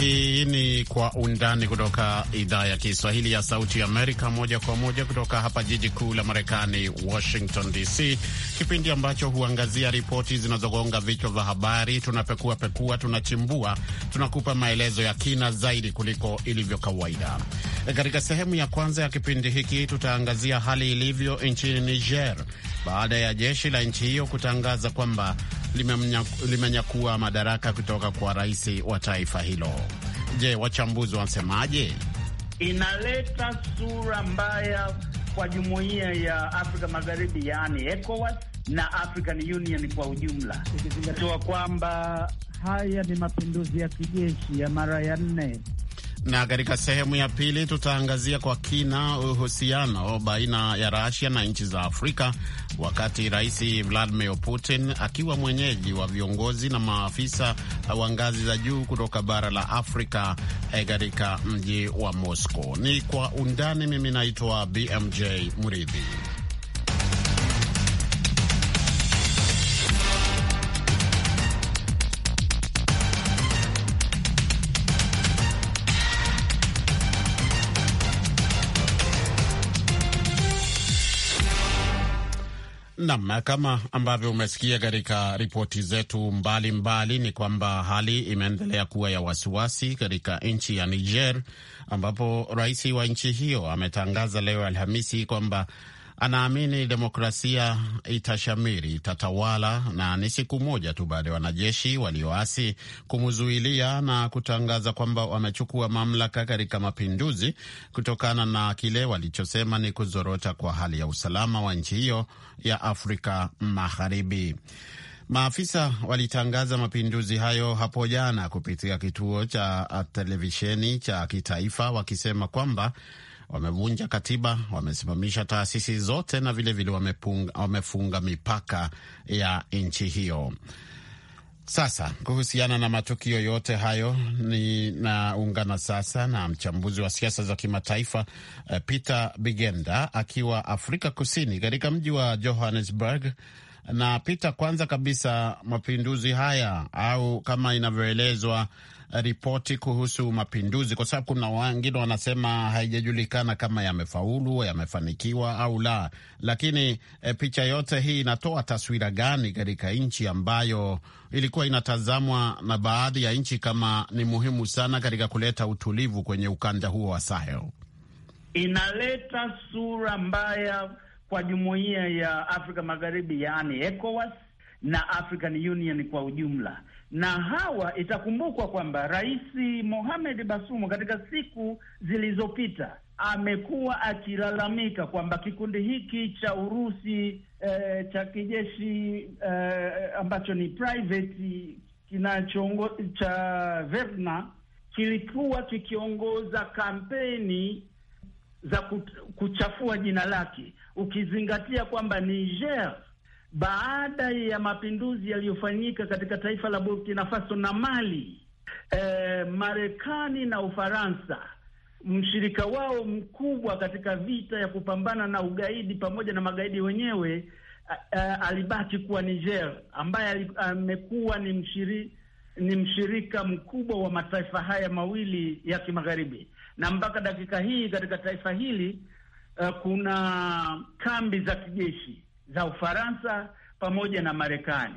Hii ni Kwa Undani kutoka idhaa ya Kiswahili ya Sauti ya Amerika, moja kwa moja kutoka hapa jiji kuu la Marekani, Washington DC, kipindi ambacho huangazia ripoti zinazogonga vichwa vya habari. Tunapekua pekua, tunachimbua, tunakupa maelezo ya kina zaidi kuliko ilivyo kawaida. Katika sehemu ya kwanza ya kipindi hiki, tutaangazia hali ilivyo nchini Niger baada ya jeshi la nchi hiyo kutangaza kwamba limenyakua madaraka kutoka kwa rais wa taifa hilo. Je, wachambuzi wanasemaje? Inaleta sura mbaya kwa jumuiya ya Afrika Magharibi, yaani ECOWAS na African Union kwa ujumla, ikizingatiwa kwamba haya ni mapinduzi ya kijeshi ya mara ya nne na katika sehemu ya pili tutaangazia kwa kina uhusiano baina ya Rasia na nchi za Afrika, wakati Rais Vladimir Putin akiwa mwenyeji wa viongozi na maafisa wa ngazi za juu kutoka bara la Afrika eh, katika mji wa Moscow. Ni kwa undani. Mimi naitwa BMJ Muridhi. Nam, kama ambavyo umesikia katika ripoti zetu mbalimbali mbali, ni kwamba hali imeendelea kuwa ya wasiwasi katika nchi ya Niger ambapo rais wa nchi hiyo ametangaza leo Alhamisi kwamba anaamini demokrasia itashamiri, itatawala, na ni siku moja tu baada ya wanajeshi walioasi kumzuilia na kutangaza kwamba wamechukua mamlaka katika mapinduzi kutokana na kile walichosema ni kuzorota kwa hali ya usalama wa nchi hiyo ya Afrika Magharibi. Maafisa walitangaza mapinduzi hayo hapo jana kupitia kituo cha televisheni cha kitaifa wakisema kwamba wamevunja katiba, wamesimamisha taasisi zote na vilevile vile wamefunga mipaka ya nchi hiyo. Sasa kuhusiana na matukio yote hayo, ninaungana sasa na mchambuzi wa siasa za kimataifa eh, Peter Bigenda akiwa Afrika Kusini, katika mji wa Johannesburg. Na Peter, kwanza kabisa, mapinduzi haya au kama inavyoelezwa ripoti kuhusu mapinduzi, kwa sababu kuna wengine wanasema haijajulikana kama yamefaulu, yamefanikiwa au la. Lakini e, picha yote hii inatoa taswira gani katika nchi ambayo ilikuwa inatazamwa na baadhi ya nchi kama ni muhimu sana katika kuleta utulivu kwenye ukanda huo wa Sahel? Inaleta sura mbaya kwa jumuiya ya Afrika Magharibi, yaani ECOWAS na African Union kwa ujumla na hawa, itakumbukwa kwamba Rais Mohamed Basumu katika siku zilizopita amekuwa akilalamika kwamba kikundi hiki cha Urusi eh, cha kijeshi eh, ambacho ni private kinachoongo cha Verna kilikuwa kikiongoza kampeni za kuchafua jina lake, ukizingatia kwamba Niger baada ya mapinduzi yaliyofanyika katika taifa la Burkina Faso na Mali, eh, Marekani na Ufaransa mshirika wao mkubwa katika vita ya kupambana na ugaidi pamoja na magaidi wenyewe, a, eh, eh, alibaki kuwa Niger ambaye amekuwa ni mshiri, ni mshirika mkubwa wa mataifa haya mawili ya kimagharibi, na mpaka dakika hii katika taifa hili a, eh, kuna kambi za kijeshi za Ufaransa pamoja na Marekani.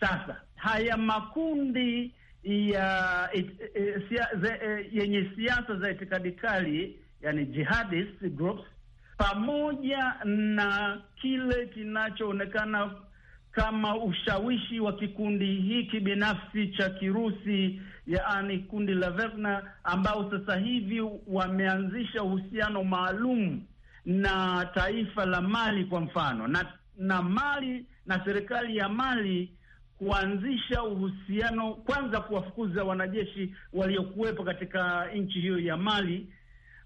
Sasa haya makundi ya eh, eh, eh, yenye siasa za itikadi kali, yani jihadist groups, pamoja na kile kinachoonekana kama ushawishi wa kikundi hiki binafsi cha Kirusi, yaani kundi la Wagner, ambao sasa hivi wameanzisha uhusiano maalum na taifa la Mali kwa mfano, na na Mali na serikali ya Mali kuanzisha uhusiano, kwanza kuwafukuza wanajeshi waliokuwepo katika nchi hiyo ya Mali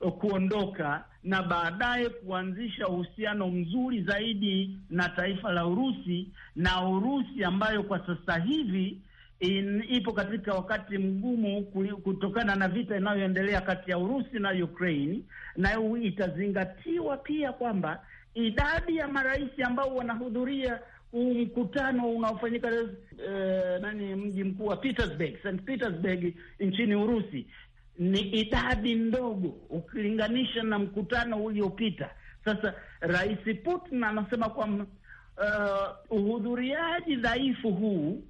uh, kuondoka na baadaye kuanzisha uhusiano mzuri zaidi na taifa la Urusi na Urusi ambayo kwa sasa hivi in, ipo katika wakati mgumu kutokana na vita inayoendelea kati ya Urusi na Ukraine, na itazingatiwa pia kwamba idadi ya marais ambao wanahudhuria huu mkutano unaofanyika eh, nani mji mkuu wa Petersburg, St Petersburg nchini Urusi ni idadi ndogo ukilinganisha na mkutano uliopita. Sasa Rais Putin anasema kwamba uh, uhudhuriaji dhaifu huu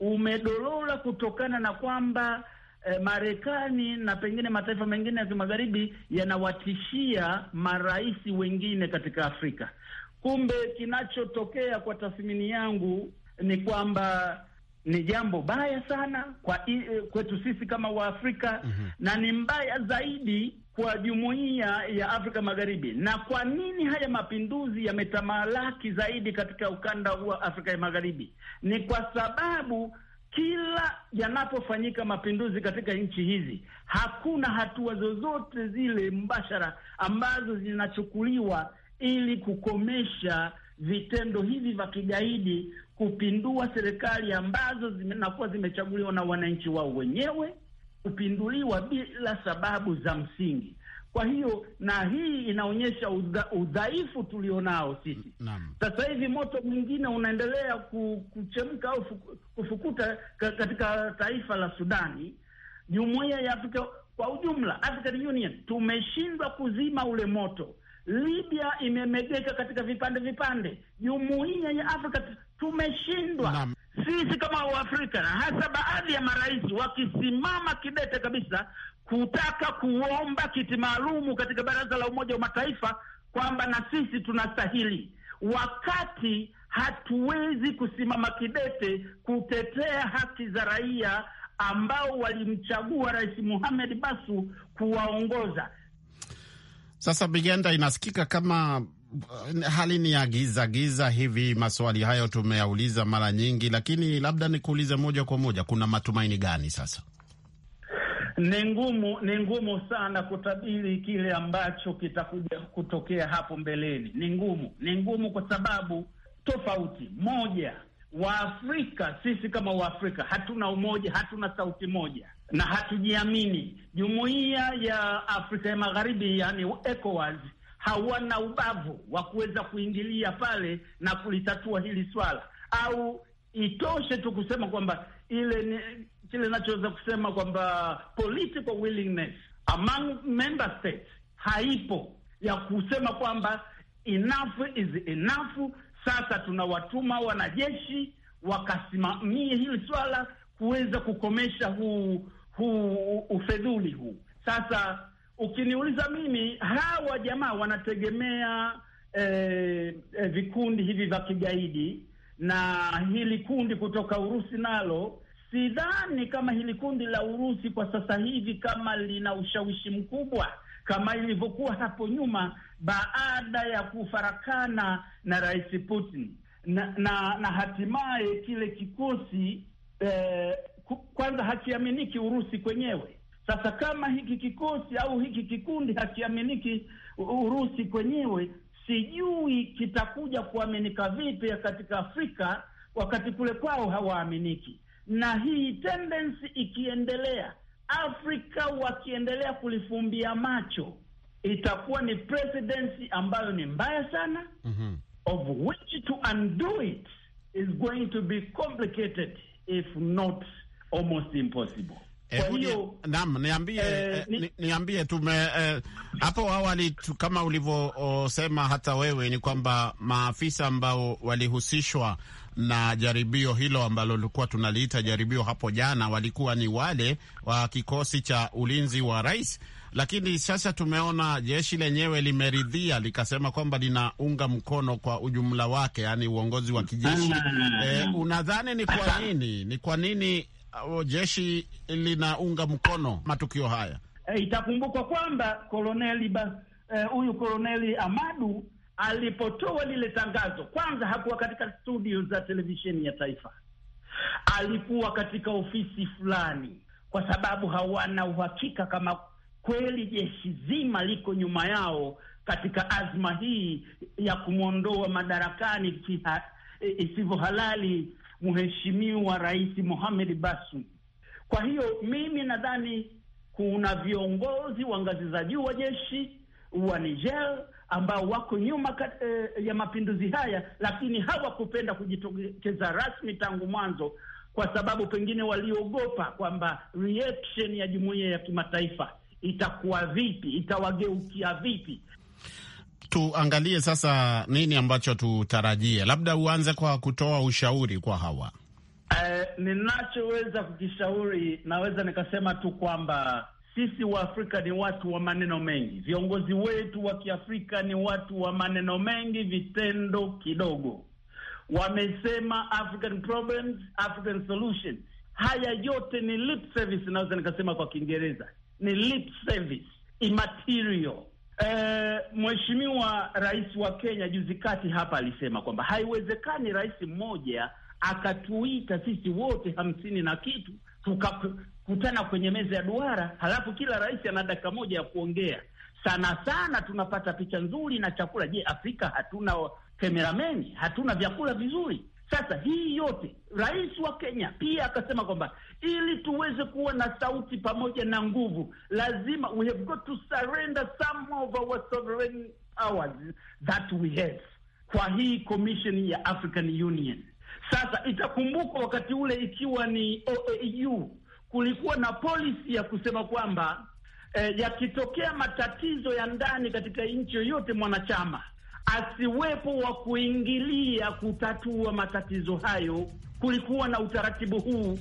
umedorora kutokana na kwamba eh, Marekani na pengine mataifa mengine ya kimagharibi yanawatishia marais wengine katika Afrika. Kumbe kinachotokea kwa tathmini yangu ni kwamba ni jambo baya sana kwa eh, kwetu sisi kama Waafrika mm -hmm. na ni mbaya zaidi kwa jumuiya ya Afrika Magharibi. Na kwa nini haya mapinduzi yametamalaki zaidi katika ukanda wa Afrika ya Magharibi? Ni kwa sababu kila yanapofanyika mapinduzi katika nchi hizi, hakuna hatua zozote zile mbashara ambazo zinachukuliwa ili kukomesha vitendo hivi vya kigaidi, kupindua serikali ambazo zinakuwa zimechaguliwa na wananchi wao wenyewe, kupinduliwa bila sababu za msingi. Kwa hiyo na hii inaonyesha udha, udhaifu tulionao sisi sasa hivi. Moto mwingine unaendelea kuchemka au kufukuta katika taifa la Sudani. Jumuiya ya Afrika kwa ujumla, African Union, tumeshindwa kuzima ule moto. Libya imemegeka katika vipande vipande. Jumuiya ya Afrika tumeshindwa sisi kama Waafrika, na hasa baadhi ya marais wakisimama kidete kabisa kutaka kuomba kiti maalumu katika Baraza la Umoja wa Mataifa kwamba na sisi tunastahili, wakati hatuwezi kusimama kidete kutetea haki za raia ambao walimchagua Rais muhamed Basu kuwaongoza. Sasa Bigenda, inasikika kama eh, hali ni ya giza giza hivi. Maswali hayo tumeyauliza mara nyingi, lakini labda nikuulize moja kwa moja, kuna matumaini gani sasa? Ni ngumu ni ngumu sana kutabiri kile ambacho kitakuja kutokea hapo mbeleni. Ni ngumu, ni ngumu kwa sababu tofauti moja, Waafrika sisi kama Waafrika hatuna umoja, hatuna sauti moja na hatujiamini. Jumuiya ya Afrika ya Magharibi, yani ECOWAS, hawana ubavu wa kuweza kuingilia pale na kulitatua hili swala, au Itoshe tu kusema kwamba ile ni kile nachoweza kusema kwamba political willingness among member states haipo ya kusema kwamba enough is enough. Sasa tunawatuma wanajeshi wakasimamie hili swala kuweza kukomesha huu huu ufedhuli huu. Sasa ukiniuliza mimi, hawa jamaa wanategemea eh, eh, vikundi hivi vya kigaidi na hili kundi kutoka Urusi nalo sidhani kama hili kundi la Urusi kwa sasa hivi kama lina ushawishi mkubwa kama ilivyokuwa hapo nyuma baada ya kufarakana na Rais Putin na na, na hatimaye kile kikosi eh, kwanza hakiaminiki Urusi kwenyewe. Sasa kama hiki kikosi au hiki kikundi hakiaminiki Urusi kwenyewe, sijui kitakuja kuaminika vipi katika Afrika wakati kule kwao hawaaminiki. Na hii tendensi ikiendelea, Afrika wakiendelea kulifumbia macho, itakuwa ni presidency ambayo ni mbaya sana mm -hmm. of which to undo it is going to be complicated if not almost impossible. Eh, naam, niambie eh, eh ni, niambie tume eh, hapo awali tu, kama ulivyosema hata wewe ni kwamba maafisa ambao walihusishwa na jaribio hilo ambalo lilikuwa tunaliita jaribio hapo jana walikuwa ni wale wa kikosi cha ulinzi wa rais, lakini sasa tumeona jeshi lenyewe limeridhia likasema kwamba linaunga mkono kwa ujumla wake, yani uongozi wa kijeshi. Ah, eh, unadhani ni kwa nini ni kwa nini jeshi linaunga mkono matukio haya. E, itakumbukwa kwamba koloneli eh, huyu e, koloneli Amadu alipotoa lile tangazo, kwanza hakuwa katika studio za televisheni ya taifa, alikuwa katika ofisi fulani, kwa sababu hawana uhakika kama kweli jeshi zima liko nyuma yao katika azma hii ya kumwondoa madarakani eh, isivyo halali Mheshimiwa Rais Mohamed Basu. Kwa hiyo mimi nadhani kuna viongozi wa ngazi za juu wa jeshi wa Niger ambao wako nyuma kat, e, eh, ya mapinduzi haya, lakini hawakupenda kujitokeza rasmi tangu mwanzo, kwa sababu pengine waliogopa kwamba reaction ya jumuiya ya kimataifa itakuwa vipi, itawageukia vipi tuangalie sasa nini ambacho tutarajie, labda uanze kwa kutoa ushauri kwa hawa. Eh, ninachoweza kukishauri naweza nikasema tu kwamba sisi Waafrika ni watu wa maneno mengi, viongozi wetu wa Kiafrika ni watu wa maneno mengi, vitendo kidogo. Wamesema African problems, African solutions. Haya yote ni lip service, naweza nikasema kwa Kiingereza ni lip service immaterial. Eh, Mheshimiwa Rais wa Kenya juzi kati hapa alisema kwamba haiwezekani rais mmoja akatuita sisi wote hamsini na kitu tukakutana kwenye meza ya duara, halafu kila rais ana dakika moja ya kuongea. Sana sana tunapata picha nzuri na chakula. Je, Afrika hatuna kamerameni? Hatuna vyakula vizuri? Sasa hii yote rais wa Kenya pia akasema kwamba ili tuweze kuwa na sauti pamoja na nguvu, lazima we have got to surrender some of our sovereign powers that we have kwa hii commission ya African Union. Sasa itakumbukwa wakati ule ikiwa ni OAU kulikuwa na policy ya kusema kwamba eh, yakitokea matatizo ya ndani katika nchi yoyote mwanachama asiwepo wa kuingilia kutatua matatizo hayo. Kulikuwa na utaratibu huu.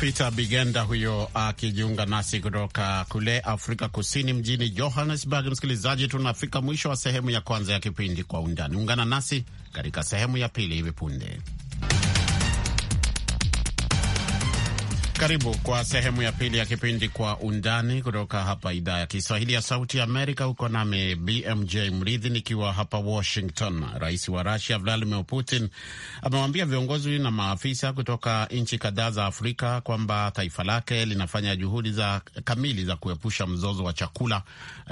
Peter Bigenda huyo akijiunga nasi kutoka kule Afrika Kusini, mjini Johannesburg. Msikilizaji, tunafika mwisho wa sehemu ya kwanza ya kipindi Kwa Undani. Ungana nasi katika sehemu ya pili hivi punde. Karibu kwa sehemu ya pili ya kipindi Kwa Undani kutoka hapa idhaa ya Kiswahili ya Sauti ya Amerika. Huko nami BMJ Mridhi nikiwa hapa Washington. Rais wa Rusia Vladimir Putin amewaambia viongozi na maafisa kutoka nchi kadhaa za Afrika kwamba taifa lake linafanya juhudi za kamili za kuepusha mzozo wa chakula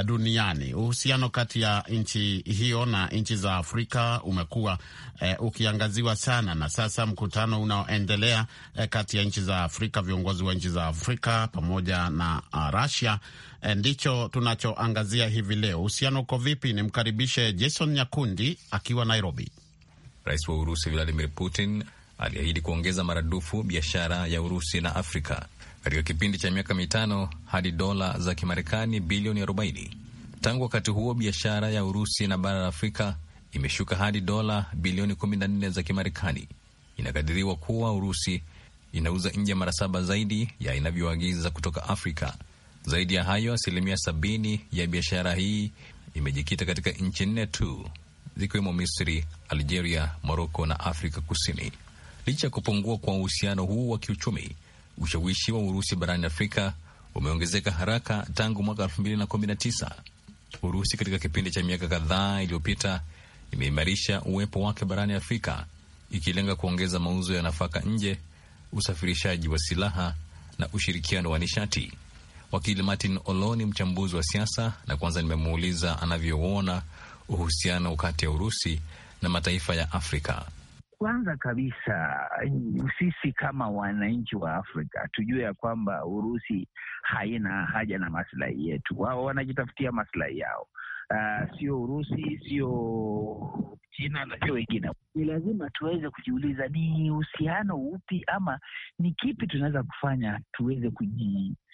duniani. Uhusiano kati ya nchi hiyo na nchi za Afrika umekuwa eh, ukiangaziwa sana, na sasa mkutano unaoendelea eh, kati ya nchi za Afrika viongozi wa nchi za Afrika pamoja na uh, Russia e, ndicho tunachoangazia hivi leo. Uhusiano uko vipi? Nimkaribishe Jason Nyakundi akiwa Nairobi. Rais wa Urusi Vladimir Putin aliahidi kuongeza maradufu biashara ya Urusi na Afrika katika kipindi cha miaka mitano hadi dola za Kimarekani bilioni 40. Tangu wakati huo biashara ya Urusi na bara la Afrika imeshuka hadi dola bilioni 14 za Kimarekani. Inakadiriwa kuwa Urusi inauza nje mara saba zaidi ya inavyoagiza kutoka Afrika. Zaidi ya hayo, asilimia sabini ya biashara hii imejikita katika nchi nne tu zikiwemo Misri, Algeria, Moroko na Afrika Kusini. Licha ya kupungua kwa uhusiano huu wa kiuchumi, ushawishi wa Urusi barani Afrika umeongezeka haraka tangu mwaka 2019. Urusi katika kipindi cha miaka kadhaa iliyopita imeimarisha uwepo wake barani Afrika ikilenga kuongeza mauzo ya nafaka nje usafirishaji wa silaha na ushirikiano wa nishati. Wakili Martin Olo ni mchambuzi wa siasa, na kwanza nimemuuliza anavyouona uhusiano kati ya Urusi na mataifa ya Afrika. Kwanza kabisa sisi kama wananchi wa Afrika tujue ya kwamba Urusi haina haja na maslahi yetu, wao wanajitafutia maslahi yao uh, sio Urusi, sio China na sio wengine. Ni lazima tuweze kujiuliza ni uhusiano upi ama ni kipi tunaweza kufanya tuweze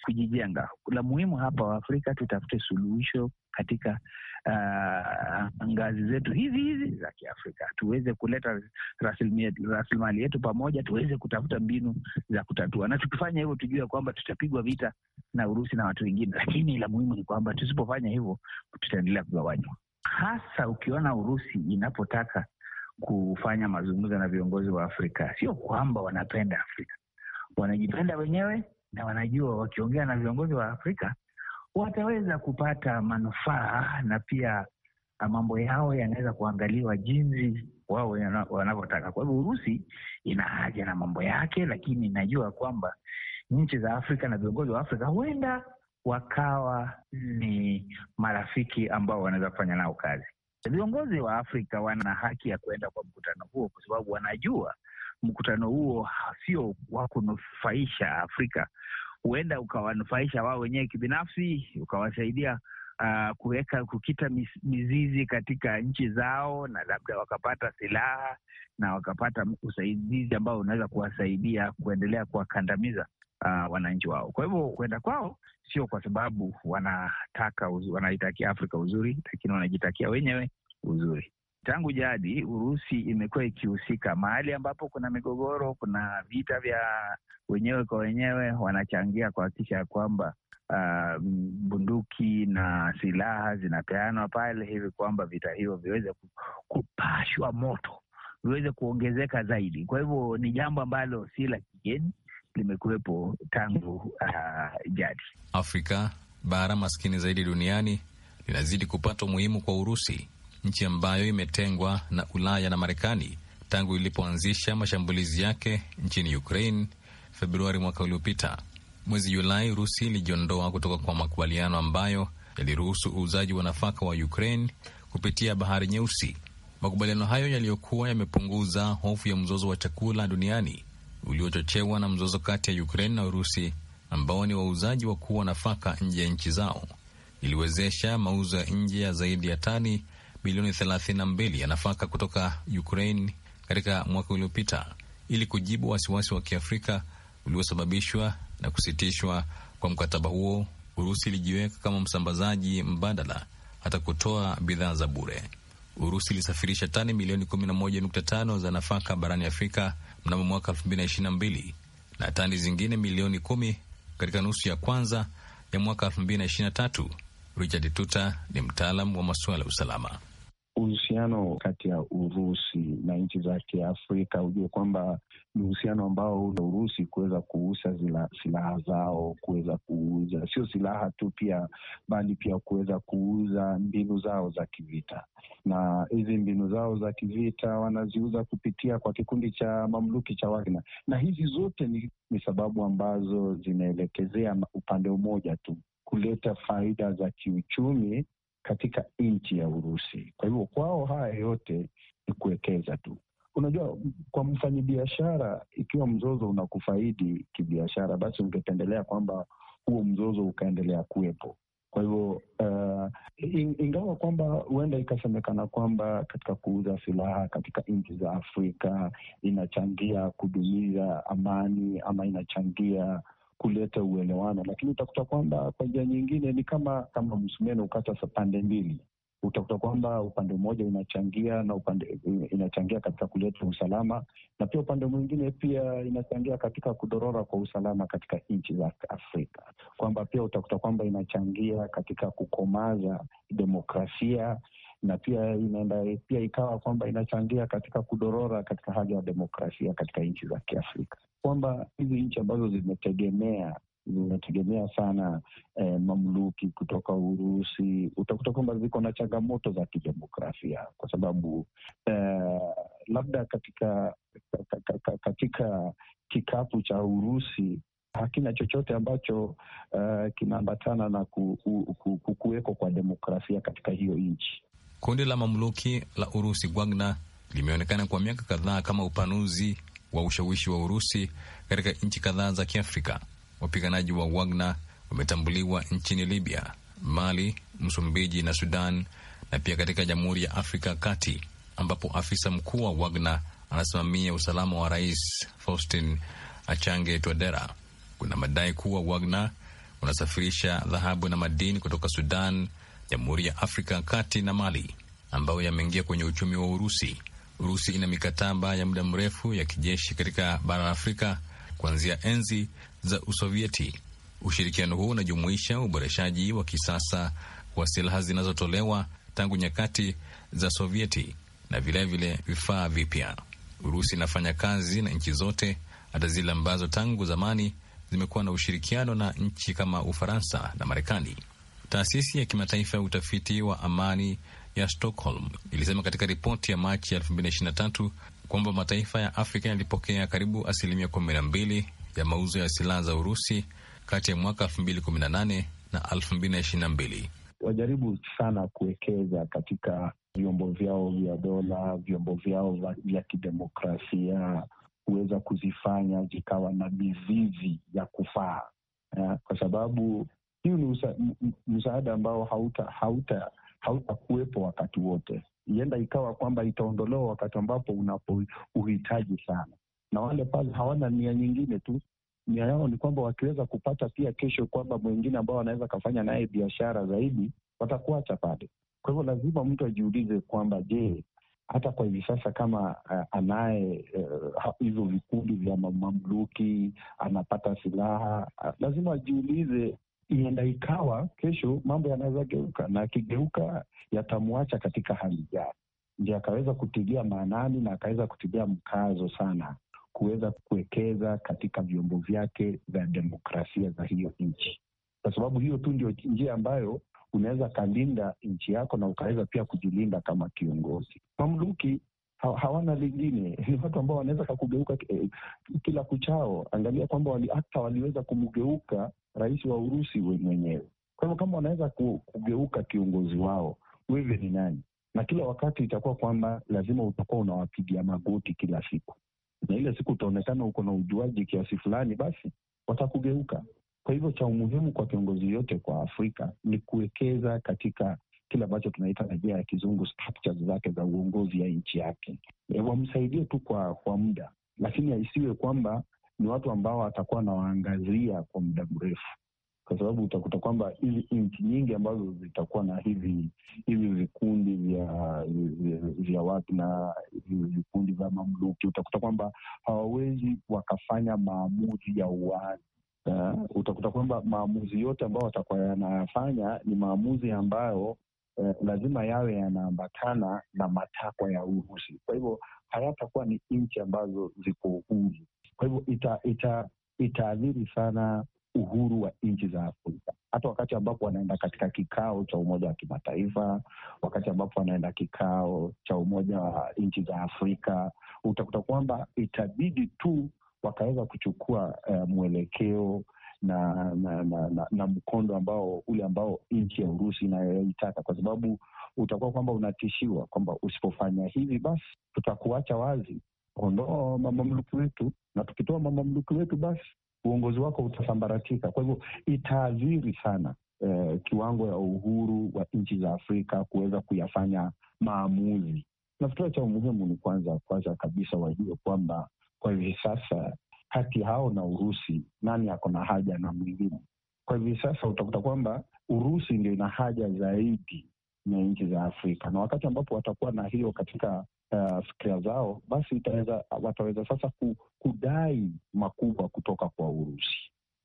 kujijenga. La muhimu hapa, Waafrika tutafute suluhisho katika uh, ngazi zetu hizi hizi za Kiafrika, tuweze kuleta rasilimali yetu pamoja, tuweze kutafuta mbinu za kutatua, na tukifanya hivyo tujue kwamba tutapigwa vita na Urusi na watu wengine, lakini la muhimu ni kwamba tusipofanya hivyo tutaendelea kugawanywa, hasa ukiona Urusi inapotaka kufanya mazungumzo na viongozi wa Afrika. Sio kwamba wanapenda Afrika, wanajipenda wenyewe na wanajua wakiongea na viongozi wa Afrika wataweza kupata manufaa na pia ah, mambo yao yanaweza kuangaliwa jinsi wao wanavyotaka. Kwa hivyo Urusi ina haja na mambo yake, lakini najua kwamba nchi za Afrika na viongozi wa Afrika huenda wakawa ni marafiki ambao wanaweza kufanya nao kazi. Viongozi wa Afrika wana haki ya kuenda kwa mkutano huo kwa sababu wanajua mkutano huo sio wa kunufaisha Afrika huenda ukawanufaisha wao wenyewe kibinafsi, ukawasaidia uh, kuweka kukita mizizi katika nchi zao, na labda wakapata silaha na wakapata usaidizi ambao unaweza kuwasaidia kuendelea kuwakandamiza uh, wananchi wao. Kwa hivyo kuenda kwao sio kwa sababu wanataka, wanaitakia Afrika uzuri, lakini wanajitakia wenyewe uzuri. Tangu jadi Urusi imekuwa ikihusika mahali ambapo kuna migogoro, kuna vita vya wenyewe kwa wenyewe, wanachangia kuhakikisha ya kwamba uh, bunduki na silaha zinapeanwa pale, hivi kwamba vita hivyo viweze kupashwa moto, viweze kuongezeka zaidi. Kwa hivyo ni jambo ambalo si la kigeni, limekuwepo tangu uh, jadi. Afrika, bara maskini zaidi duniani, linazidi kupata umuhimu kwa Urusi nchi ambayo imetengwa na Ulaya na Marekani tangu ilipoanzisha mashambulizi yake nchini Ukraine Februari mwaka uliopita. Mwezi Julai, Urusi ilijiondoa kutoka kwa makubaliano ambayo yaliruhusu uuzaji wa nafaka wa Ukraine kupitia Bahari Nyeusi. Makubaliano hayo yaliyokuwa yamepunguza hofu ya mzozo wa chakula duniani uliochochewa na mzozo kati ya Ukraine na Urusi ambao ni wauzaji wakuu wa nafaka nje ya nchi zao, iliwezesha mauzo ya nje ya zaidi ya tani bilioni 32 ya nafaka kutoka Ukraine katika mwaka uliopita ili kujibu wasiwasi wa kiafrika uliosababishwa na kusitishwa kwa mkataba huo. Urusi ilijiweka kama msambazaji mbadala hata kutoa bidhaa za bure. Urusi ilisafirisha tani milioni 11.5 za nafaka barani Afrika mnamo mwaka 2022 na tani zingine milioni kumi katika nusu ya kwanza ya mwaka 2023. Richard Tuta ni mtaalamu wa masuala ya usalama uhusiano kati ya Urusi na nchi za Kiafrika, hujue kwamba ni uhusiano ambao Urusi kuweza kuuza silaha zao, kuweza kuuza sio silaha tu pia, bali pia kuweza kuuza mbinu zao za kivita, na hizi mbinu zao za kivita wanaziuza kupitia kwa kikundi cha mamluki cha Wagner, na hizi zote ni, ni sababu ambazo zinaelekezea upande mmoja tu kuleta faida za kiuchumi katika nchi ya Urusi. Kwa hivyo kwao haya yote ni kuwekeza tu. Unajua, kwa mfanyibiashara ikiwa mzozo unakufaidi kibiashara, basi ungependelea kwamba huo mzozo ukaendelea kuwepo. Kwa hivyo uh, ingawa kwamba huenda ikasemekana kwamba katika kuuza silaha katika nchi za Afrika inachangia kudumiza amani ama inachangia kuleta uelewano, lakini utakuta kwamba kwa njia nyingine ni kama kama msumeno ukata pande mbili utakuta kwamba upande mmoja inachangia na upande inachangia katika kuleta usalama na pia upande mwingine pia inachangia katika kudorora kwa usalama katika nchi za Afrika, kwamba pia utakuta kwamba inachangia katika kukomaza demokrasia na pia inaenda pia ikawa kwamba inachangia katika kudorora katika hali ya demokrasia katika nchi za Kiafrika kwamba hizi nchi ambazo zimetegemea zinategemea sana eh, mamluki kutoka Urusi, utakuta kwamba ziko na changamoto za kidemokrasia kwa sababu eh, labda katika katika kikapu cha Urusi hakina chochote ambacho uh, kinaambatana na ku, ku, ku, kuwekwa kwa demokrasia katika hiyo nchi. Kundi la mamluki la Urusi Wagner limeonekana kwa miaka kadhaa kama upanuzi wa ushawishi wa Urusi katika nchi kadhaa za Kiafrika. Wapiganaji wa Wagner wametambuliwa nchini Libya, Mali, Msumbiji na Sudan, na pia katika Jamhuri ya Afrika ya Kati, ambapo afisa mkuu wa Wagner anasimamia usalama wa Rais Faustin Achange Twadera. Kuna madai kuwa Wagner unasafirisha dhahabu na madini kutoka Sudan, Jamhuri ya Afrika ya Kati na Mali, ambayo yameingia kwenye uchumi wa Urusi. Urusi ina mikataba ya muda mrefu ya kijeshi katika bara la Afrika kuanzia enzi za Usovieti. Ushirikiano huu unajumuisha uboreshaji wa kisasa wa silaha zinazotolewa tangu nyakati za Sovieti na vilevile vifaa vipya. Urusi inafanya kazi na nchi zote, hata zile ambazo tangu zamani zimekuwa na ushirikiano na nchi kama Ufaransa na Marekani. Taasisi ya kimataifa ya utafiti wa amani ya Stockholm ilisema katika ripoti ya Machi elfu kwamba mataifa ya Afrika yalipokea karibu asilimia kumi na mbili ya mauzo ya silaha za Urusi kati ya mwaka elfu kumi na nane na na na mbili. Wajaribu sana kuwekeza katika vyombo vyao vya dola, vyombo vyao vya kidemokrasia kuweza kuzifanya zikawa na mizizi ya kufaa, eh, kwa sababu hii ni msaada ambao hauta, hauta hautakuwepo wakati wote. Ienda ikawa kwamba itaondolewa wakati ambapo unapouhitaji sana, na wale pale hawana nia nyingine tu nia yao ni kwamba wakiweza kupata pia kesho, kwamba mwingine ambao wanaweza akafanya naye biashara zaidi, watakuacha pale. Kwa hivyo lazima mtu ajiulize kwamba je, hata kwa hivi sasa kama uh, anaye eh, hivyo uh, vikundi vya mamluki, anapata silaha uh, lazima ajiulize ienda ikawa kesho mambo yanaweza geuka, na akigeuka yatamwacha katika hali gani? Ndio akaweza kutilia maanani na akaweza kutilia mkazo sana kuweza kuwekeza katika vyombo vyake vya demokrasia za hiyo nchi, kwa sababu hiyo tu ndio njia ambayo unaweza kalinda nchi yako na ukaweza pia kujilinda kama kiongozi. Mamluki ha, hawana lingine. Ni watu ambao wanaweza kakugeuka eh, kila kuchao. Angalia kwamba wali, hata waliweza kumgeuka rais wa Urusi mwenyewe. Kwa hivyo kama wanaweza kugeuka kiongozi wao, wewe ni nani? Na kila wakati itakuwa kwamba lazima utakuwa unawapigia magoti kila siku, na ile siku utaonekana uko na ujuaji kiasi fulani, basi watakugeuka. Kwa hivyo cha umuhimu kwa kiongozi yote kwa Afrika ni kuwekeza katika kile ambacho tunaita najia ya kizungu structures zake za uongozi ya nchi yake, e, wamsaidie tu kwa kwa muda, lakini aisiwe kwamba ni watu ambao watakuwa nawaangazia kwa muda mrefu, kwa sababu utakuta kwamba hizi nchi nyingi ambazo zitakuwa na hivi hivi vikundi vya vya watu na hivi vikundi vya mamluki, utakuta kwamba hawawezi wakafanya maamuzi ya uwazi. Uh, utakuta kwamba maamuzi yote ambayo watakuwa yanayafanya ni maamuzi ambayo eh, lazima yawe yanaambatana na matakwa ya Urusi. Kwa hivyo hayatakuwa ni nchi ambazo ziko huru Kwa hivyo itaadhiri ita, ita sana uhuru wa nchi za Afrika, hata wakati ambapo wanaenda katika kikao cha Umoja wa Kimataifa, wakati ambapo wanaenda kikao cha Umoja wa nchi za Afrika, utakuta kwamba itabidi tu wakaweza kuchukua uh, mwelekeo na na, na, na, na mkondo ambao ule ambao nchi ya Urusi inayoitaka, kwa sababu utakuwa kwamba unatishiwa kwamba usipofanya hivi basi tutakuacha wazi, ondoa mamamluki wetu, na tukitoa mamamluki wetu basi uongozi wako utasambaratika. Kwa hivyo itaadhiri sana eh, kiwango ya uhuru wa nchi za Afrika kuweza kuyafanya maamuzi. Nafikiri cha umuhimu ni kwanza kwanza kabisa wajue kwamba kwa hivi sasa kati hao na Urusi, nani ako na haja na mwingine? Kwa hivi sasa utakuta kwamba Urusi ndio ina haja zaidi na nchi za Afrika, na wakati ambapo watakuwa na hiyo katika uh, fikira zao, basi itaweza, wataweza sasa kudai makubwa kutoka kwa Urusi.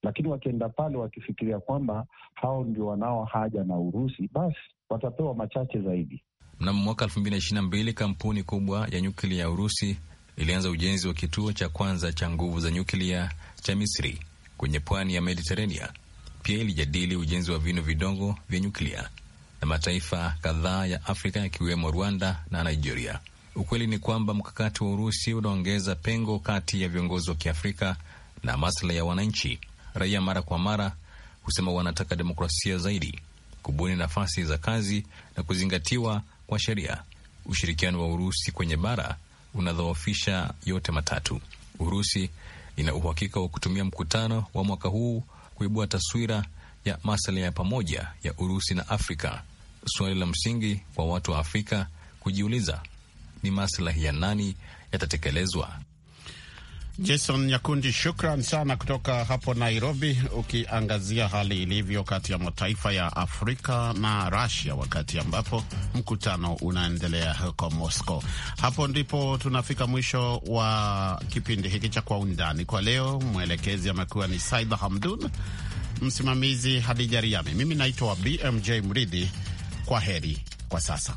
Lakini wakienda pale wakifikiria kwamba hao ndio wanao haja na Urusi, basi watapewa machache zaidi. Mnamo mwaka elfu mbili na ishirini na mbili kampuni kubwa ya nyuklia ya Urusi ilianza ujenzi wa kituo cha kwanza cha nguvu za nyuklia cha Misri kwenye pwani ya Mediterania. Pia ilijadili ujenzi wa vinu vidogo vya nyuklia na mataifa kadhaa ya Afrika yakiwemo Rwanda na Nigeria. Ukweli ni kwamba mkakati wa Urusi unaongeza pengo kati ya viongozi wa Kiafrika na maslahi ya wananchi. Raia mara kwa mara husema wanataka demokrasia zaidi, kubuni nafasi za kazi na kuzingatiwa kwa sheria. Ushirikiano wa Urusi kwenye bara unadhoofisha yote matatu. Urusi ina uhakika wa kutumia mkutano wa mwaka huu kuibua taswira ya maslahi ya pamoja ya Urusi na Afrika. suali la msingi kwa watu wa Afrika kujiuliza ni maslahi ya nani yatatekelezwa? Jason Nyakundi, shukran sana kutoka hapo Nairobi, ukiangazia hali ilivyo kati ya mataifa ya Afrika na rasia wakati ambapo mkutano unaendelea huko Moscow. Hapo ndipo tunafika mwisho wa kipindi hiki cha Kwa Undani kwa leo. Mwelekezi amekuwa ni Saida Hamdun, msimamizi Hadija Riami, mimi naitwa BMJ Mridhi. Kwa heri kwa sasa.